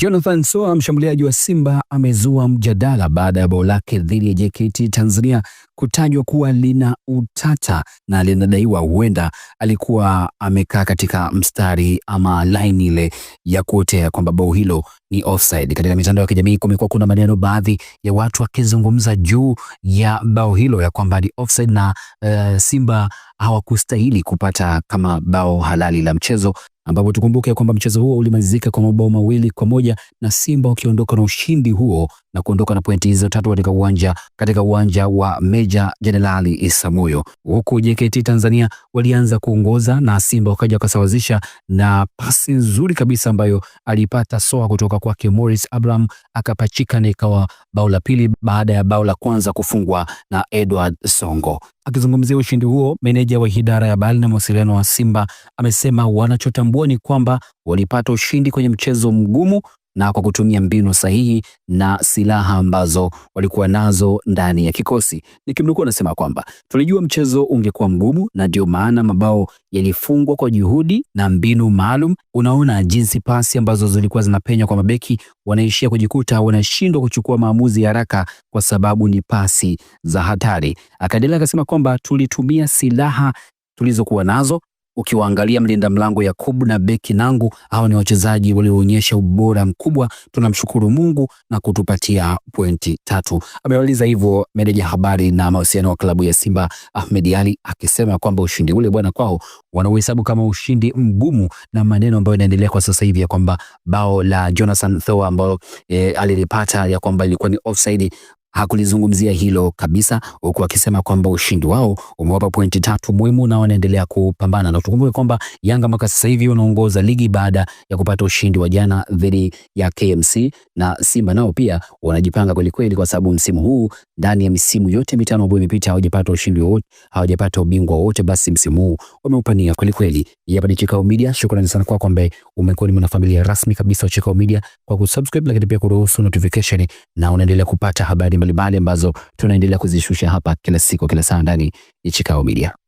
Jonathan Soa mshambuliaji wa Simba amezua mjadala baada ya bao lake dhidi ya JKT Tanzania kutajwa kuwa lina utata na linadaiwa huenda alikuwa amekaa katika mstari ama line ile ya kuotea kwamba bao hilo ni offside. Katika mitandao ya kijamii kumekuwa kuna maneno, baadhi ya watu wakizungumza juu ya bao hilo ya kwamba ni offside na uh, Simba hawakustahili kupata kama bao halali la mchezo ambapo tukumbuke kwamba mchezo huo ulimalizika kwa mabao mawili kwa moja na Simba ukiondoka na ushindi huo na kuondoka na pointi hizo tatu katika uwanja katika uwanja wa Meja Jenerali Isamuyo, huku JKT Tanzania walianza kuongoza na Simba wakaja wakasawazisha na pasi nzuri kabisa ambayo alipata soa kutoka kwake Morris Abraham, akapachika na ikawa bao la pili baada ya bao la kwanza kufungwa na Edward Songo. Akizungumzia ushindi huo, meneja wa idara ya habari na mawasiliano wa Simba amesema wanachotambua ni kwamba walipata ushindi kwenye mchezo mgumu na kwa kutumia mbinu sahihi na silaha ambazo walikuwa nazo ndani ya kikosi. Nikimnukuu anasema kwamba tulijua mchezo ungekuwa mgumu, na ndio maana mabao yalifungwa kwa juhudi na mbinu maalum. Unaona jinsi pasi ambazo zilikuwa zinapenya kwa mabeki, wanaishia kujikuta wanashindwa kuchukua maamuzi ya haraka kwa sababu ni pasi za hatari. Akaendelea akasema kwamba tulitumia silaha tulizokuwa nazo Ukiwaangalia mlinda mlango Yakubu na beki Nangu, hawa ni wachezaji walioonyesha ubora mkubwa. Tunamshukuru Mungu na kutupatia pointi tatu. amewaliza hivyo meneja habari na mahusiano wa klabu ya Simba Ahmed Ali, akisema kwamba ushindi ule bwana kwao wanauhesabu kama ushindi mgumu, na maneno ambayo yanaendelea kwa sasa hivi ya kwamba bao la Jonathan Thoa ambalo e, alilipata ya kwamba ilikuwa ni offside hakulizungumzia hilo kabisa, huku akisema kwamba ushindi wao umewapa pointi tatu muhimu na wanaendelea kupambana, na tukumbuke kwamba Yanga mpaka sasa hivi wanaongoza ligi baada ya kupata ushindi wa jana dhidi ya KMC, na Simba nao pia wanajipanga kwelikweli, kwa sababu msimu huu ndani ya misimu yote mitano ambayo imepita hawajapata ushindi wote, hawajapata ubingwa wote, basi msimu huu wameupania kwelikweli. Hapa ni Chikao Media, shukrani sana kwako ambaye umekuwa ni mwanafamilia rasmi kabisa wa Chikao Media kwa kusubscribe, lakini pia kuruhusu notification na unaendelea kupata habari mbalimbali ambazo tunaendelea kuzishusha hapa kila siku, kila saa ndani ya Chikao Media.